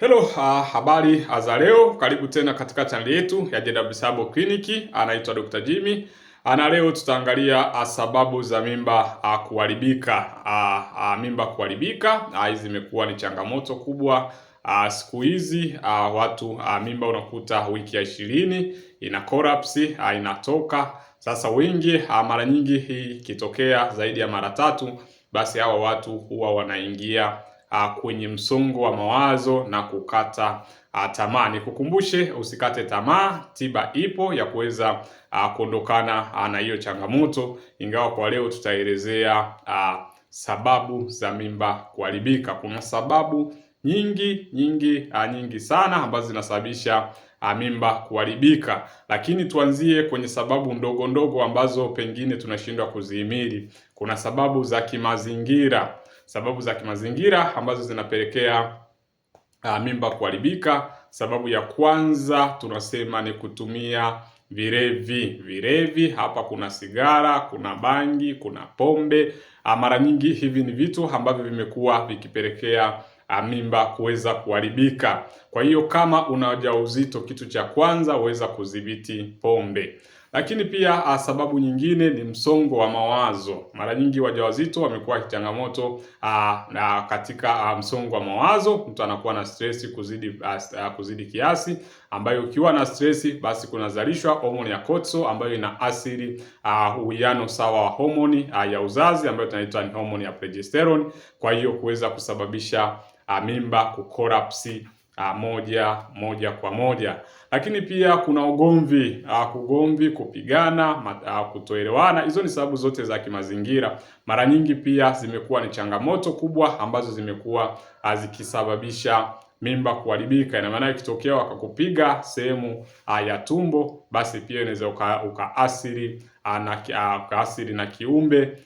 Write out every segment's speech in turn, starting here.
Hello, uh, habari za leo. Karibu tena katika chaneli yetu ya JW Sabo Clinic. Anaitwa Dr. Jimmy. Ah, na leo tutaangalia uh, sababu za mimba uh, kuharibika. Uh, uh, mimba kuharibika hizi uh, ni changamoto kubwa uh, siku hizi uh, watu uh, mimba unakuta wiki ya ishirini ina collapse uh, inatoka. Sasa wengi uh, mara nyingi hii ikitokea zaidi ya mara tatu, basi hawa watu huwa wanaingia Ah, kwenye msongo wa mawazo na kukata ah, tamaa. Nikukumbushe, usikate tamaa, tiba ipo ya kuweza ah, kuondokana na hiyo changamoto, ingawa kwa leo tutaelezea sababu za mimba kuharibika. Kuna sababu nyingi nyingi nyingi sana ambazo zinasababisha mimba kuharibika, lakini tuanzie kwenye sababu ndogo ndogo ambazo pengine tunashindwa kuzihimili. Kuna sababu za kimazingira sababu za kimazingira ambazo zinapelekea uh, mimba kuharibika. Sababu ya kwanza tunasema ni kutumia vilevi. Vilevi hapa kuna sigara, kuna bangi, kuna pombe. Ah, mara nyingi hivi ni vitu ambavyo vimekuwa vikipelekea ah, mimba kuweza kuharibika. Kwa hiyo kama una ujauzito, kitu cha kwanza uweza kudhibiti pombe. Lakini pia ah, sababu nyingine ni msongo wa mawazo. Mara nyingi wajawazito wamekuwa changamoto ah, katika ah, msongo wa mawazo. Mtu anakuwa na stress kuzidi a, kuzidi kiasi, ambayo ukiwa na stresi basi kunazalishwa homoni ya cortisol ambayo inaathiri uwiano sawa wa homoni a, ya uzazi ambayo tunaita ni homoni ya progesterone, kwa hiyo kuweza kusababisha a, mimba kukorapsi a, ah, moja moja kwa moja. Lakini pia kuna ugomvi, ah, kugomvi, kupigana, ah, kutoelewana. Hizo ni sababu zote za kimazingira, mara nyingi pia zimekuwa ni changamoto kubwa ambazo zimekuwa zikisababisha mimba kuharibika. Ina maana ikitokea wakakupiga sehemu ah, ya tumbo, basi pia inaweza ukaathiri uka ah, na, ah, na kiumbe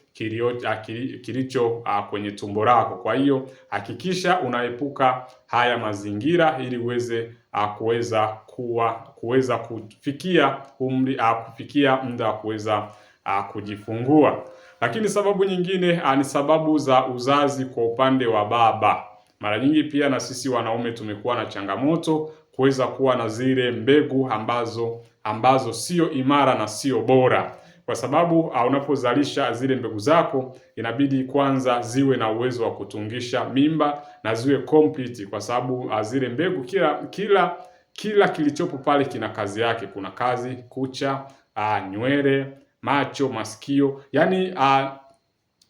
kilicho kwenye tumbo lako. Kwa hiyo hakikisha unaepuka haya mazingira ili uweze kuweza kuwa kuweza kufikia umri kufikia muda wa kuweza kujifungua. Lakini sababu nyingine ni sababu za uzazi kwa upande wa baba. Mara nyingi pia na sisi wanaume tumekuwa na changamoto kuweza kuwa na zile mbegu ambazo ambazo sio imara na sio bora, kwa sababu ah, unapozalisha zile mbegu zako inabidi kwanza ziwe na uwezo wa kutungisha mimba na ziwe complete, kwa sababu ah, zile mbegu kila kila kila kilichopo pale kina kazi yake. Kuna kazi kucha, ah, nywele, macho, masikio, yaani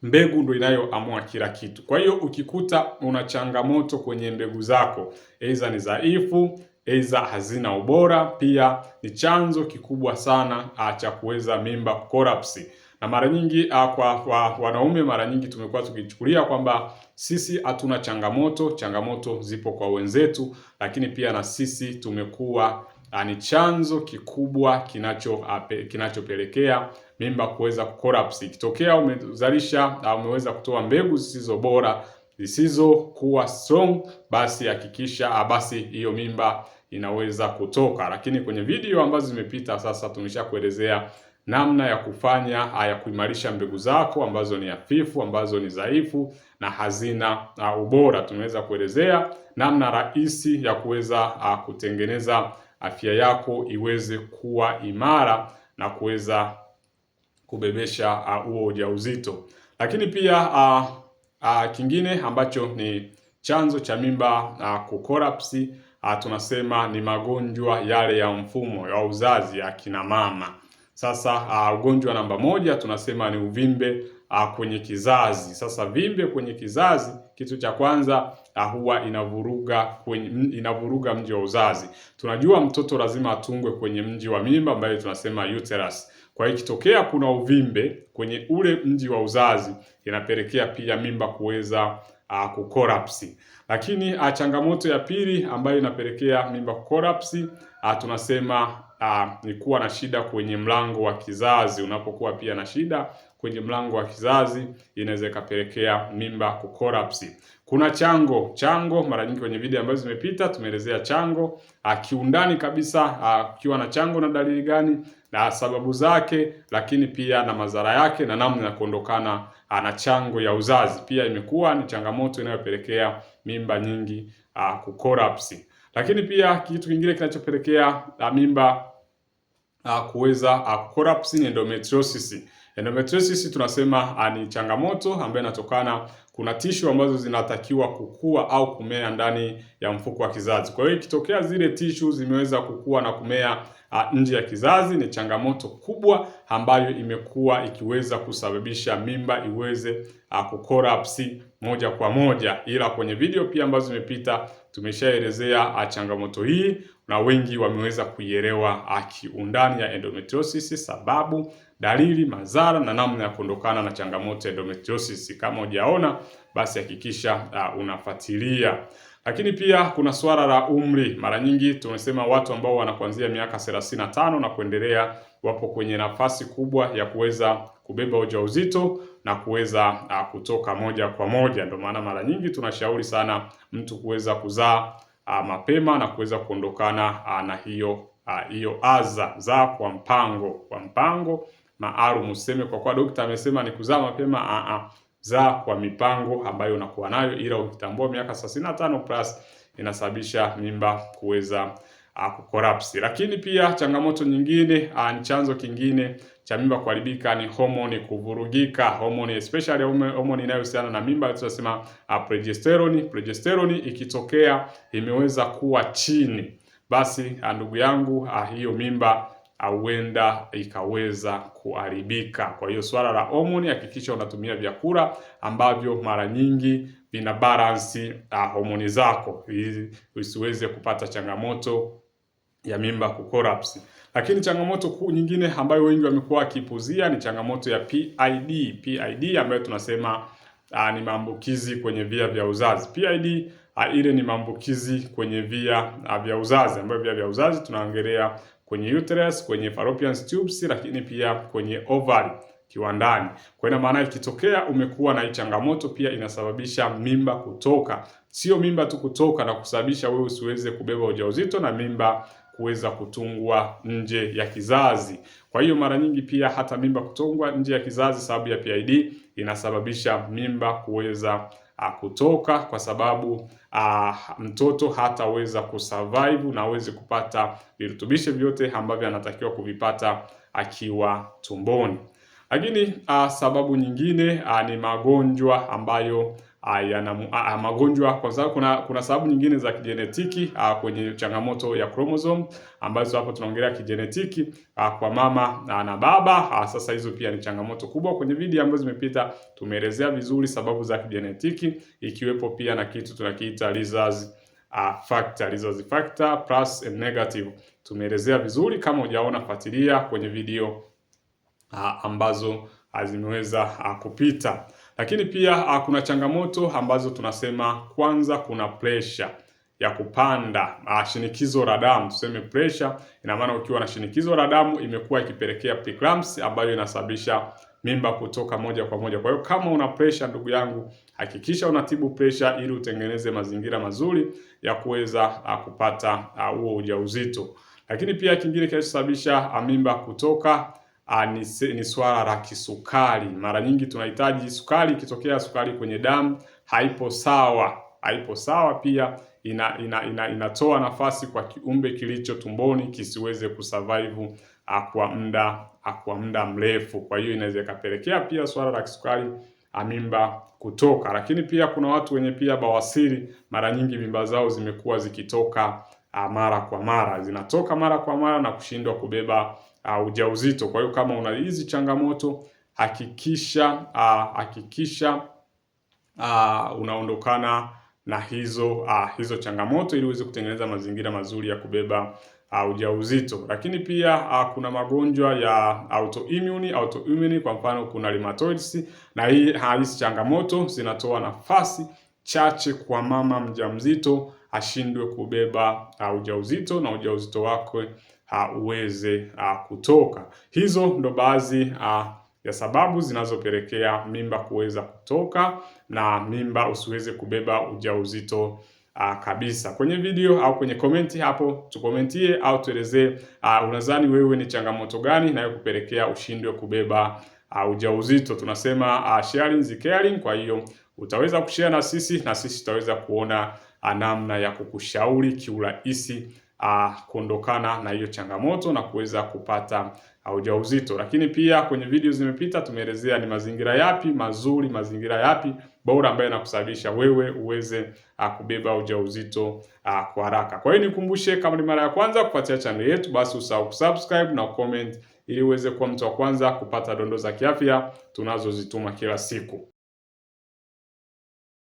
Mbegu ndo inayoamua kila kitu. Kwa hiyo ukikuta una changamoto kwenye mbegu zako, aidha ni dhaifu, aidha hazina ubora, pia ni chanzo kikubwa sana ah, cha kuweza mimba collapse. Na mara nyingi ah, kwa, kwa wanaume mara nyingi tumekuwa tukichukulia kwamba sisi hatuna changamoto, changamoto zipo kwa wenzetu, lakini pia na sisi tumekuwa ni chanzo kikubwa kinacho kinachopelekea mimba kuweza kukolapsi. Ikitokea umezalisha au umeweza kutoa mbegu zisizo bora zisizokuwa strong, basi hakikisha ah, basi hiyo mimba inaweza kutoka. Lakini kwenye video ambazo zimepita sasa, tumeshakuelezea namna ya kufanya ah, ya kuimarisha mbegu zako ambazo ni hafifu, ambazo ni dhaifu na hazina ah, ubora. Tumeweza kuelezea namna rahisi ya kuweza kutengeneza afya yako iweze kuwa imara na kuweza kubebesha ah, huo uh, ujauzito. Lakini pia uh, uh, kingine ambacho ni chanzo cha mimba uh, kukorapsi uh, tunasema ni magonjwa yale ya mfumo wa uzazi ya kina mama. Sasa uh, ugonjwa namba moja tunasema ni uvimbe uh, kwenye kizazi. Sasa vimbe kwenye kizazi kitu cha kwanza ah, huwa inavuruga kwenye, inavuruga mji wa uzazi. Tunajua mtoto lazima atungwe kwenye mji wa mimba ambayo tunasema uterus. Kwa hiyo ikitokea kuna uvimbe kwenye ule mji wa uzazi inapelekea pia mimba kuweza uh, kukorapsi. Lakini uh, changamoto ya pili ambayo inapelekea mimba kukorapsi uh, tunasema uh, ni kuwa na shida kwenye mlango wa kizazi. Unapokuwa pia na shida kwenye mlango wa kizazi inaweza ikapelekea mimba kukorapsi. Kuna chango chango, mara nyingi kwenye video ambazo zimepita tumeelezea chango akiundani ah, kabisa, akiwa ah, na chango na dalili gani na sababu zake, lakini pia na madhara yake na namna ya kuondokana na chango ya uzazi. Pia imekuwa ni changamoto inayopelekea mimba nyingi kukorapsi, lakini pia kitu kingine kinachopelekea mimba uh, kuweza uh, collapse ni endometriosis. Endometriosis tunasema uh, ni changamoto ambayo inatokana kuna tishu ambazo zinatakiwa kukua au kumea ndani ya mfuko wa kizazi. Kwa hiyo ikitokea zile tishu zimeweza kukua na kumea uh, nje ya kizazi, ni changamoto kubwa ambayo imekuwa ikiweza kusababisha mimba iweze uh, kukolapsi moja kwa moja, ila kwenye video pia ambazo zimepita tumeshaelezea ah, changamoto hii na wengi wameweza kuielewa ah, kiundani ya endometriosis, sababu, dalili, madhara na namna ya kuondokana na changamoto ya endometriosis. Kama hujaona basi hakikisha uh, unafuatilia. Lakini pia kuna suala la umri. Mara nyingi tumesema watu ambao wanakuanzia miaka 35 na kuendelea wapo kwenye nafasi kubwa ya kuweza kubeba ujauzito na kuweza uh, kutoka moja kwa moja. Ndio maana mara nyingi tunashauri sana mtu kuweza kuzaa uh, mapema na kuweza kuondokana uh, na hiyo hiyo uh, aza za kwa mpango kwa mpango maalum, useme kwa kuwa daktari amesema ni kuzaa mapema uh, uh, za kwa mipango ambayo unakuwa nayo, ila ukitambua miaka 35 plus inasababisha mimba kuweza uh, kukorapsi. Lakini pia changamoto nyingine uh, ni chanzo kingine cha mimba kuharibika ni homoni kuvurugika, homoni especially homoni inayohusiana na mimba tunasema ah, progesterone. Progesterone ikitokea imeweza kuwa chini, basi ah, ndugu yangu, ah, hiyo mimba huenda ikaweza kuharibika. Kwa hiyo swala la homoni, hakikisha unatumia vyakula ambavyo mara nyingi vina balance homoni zako, ili usiweze kupata changamoto ya mimba kukorapsi. Lakini changamoto kuu nyingine ambayo wengi wamekuwa akipuzia ni changamoto ya PID. PID ambayo tunasema uh, ni maambukizi kwenye via vya uzazi. PID uh, ah, ile ni maambukizi kwenye via uh, vya uzazi ambayo via vya uzazi tunaangalia kwenye uterus, kwenye fallopian tubes lakini pia kwenye ovary kiwandani. Kwa ina maana ikitokea umekuwa na changamoto pia inasababisha mimba kutoka. Sio mimba tu kutoka na kusababisha wewe usiweze kubeba ujauzito na mimba kuweza kutungwa nje ya kizazi. Kwa hiyo mara nyingi pia hata mimba kutungwa nje ya kizazi sababu ya PID inasababisha mimba kuweza ah, kutoka kwa sababu a, ah, mtoto hataweza kusurvive na aweze kupata virutubishi vyote ambavyo anatakiwa kuvipata akiwa tumboni. Lakini ah, sababu nyingine a, ni magonjwa ambayo yana magonjwa. Kwa sababu kuna, kuna sababu nyingine za kijenetiki a, kwenye changamoto ya chromosome ambazo hapo tunaongelea kijenetiki a, kwa mama a, na baba a, sasa hizo pia ni changamoto kubwa. Kwenye video ambazo zimepita tumeelezea vizuri sababu za kijenetiki ikiwepo pia na kitu tunakiita Lizards Uh, factor, Lizards factor plus and negative tumeelezea vizuri. Kama hujaona fuatilia kwenye video uh, ambazo zimeweza uh, kupita. Lakini pia uh, kuna changamoto ambazo tunasema, kwanza kuna pressure ya kupanda uh, shinikizo la damu tuseme pressure. Ina maana ukiwa na shinikizo la damu imekuwa ikipelekea preeclampsia ambayo inasababisha mimba kutoka moja kwa moja. Kwa hiyo kama una pressure, ndugu yangu, hakikisha unatibu pressure ili utengeneze mazingira mazuri ya kuweza ah, kupata huo ujauzito. Lakini pia kingine kinachosababisha mimba kutoka a, ah, ni, ni swala la kisukari. Mara nyingi tunahitaji sukari, ikitokea sukari kwenye damu haipo sawa, haipo sawa pia ina, ina, ina, inatoa nafasi kwa kiumbe kilicho tumboni kisiweze kusurvive ah, kwa muda ah, kwa muda mrefu. Kwa hiyo inaweza ikapelekea pia swala la kisukari mimba kutoka, lakini pia kuna watu wenye pia bawasiri, mara nyingi mimba zao zimekuwa zikitoka mara kwa mara, zinatoka mara kwa mara na kushindwa kubeba uh, ujauzito. Kwa hiyo kama una hizi changamoto hakikisha uh, hakikisha uh, unaondokana na hizo uh, hizo changamoto ili uweze kutengeneza mazingira mazuri ya kubeba uh, ujauzito. Lakini pia uh, kuna magonjwa ya autoimmune autoimmune, kwa mfano kuna rheumatoid, na hii uh, hizi changamoto zinatoa nafasi chache kwa mama mjamzito ashindwe kubeba uh, ujauzito na ujauzito wake uh, uweze ah, kutoka. Hizo ndo baadhi ah, ya sababu zinazopelekea mimba kuweza kutoka na mimba usiweze kubeba ujauzito uh, kabisa. Kwenye video au kwenye komenti hapo tukomentie au tuelezee uh, unadhani wewe ni changamoto gani inayokupelekea ushindwe kubeba uh, ujauzito. Tunasema uh, sharing is caring, kwa hiyo utaweza kushare na sisi na sisi tutaweza kuona namna ya kukushauri kiurahisi uh, kuondokana na hiyo changamoto na kuweza kupata uh, ujauzito. Lakini pia kwenye video zimepita tumeelezea ni mazingira yapi mazuri, mazingira yapi bora ambayo yanakusababisha wewe uweze uh, kubeba ujauzito uh, kwa haraka. Kwa hiyo nikumbushe, kama ni mara ya kwanza kufuatia channel yetu, basi usahau kusubscribe na comment ili uweze kuwa mtu wa kwanza kupata dondoo za kiafya tunazozituma kila siku.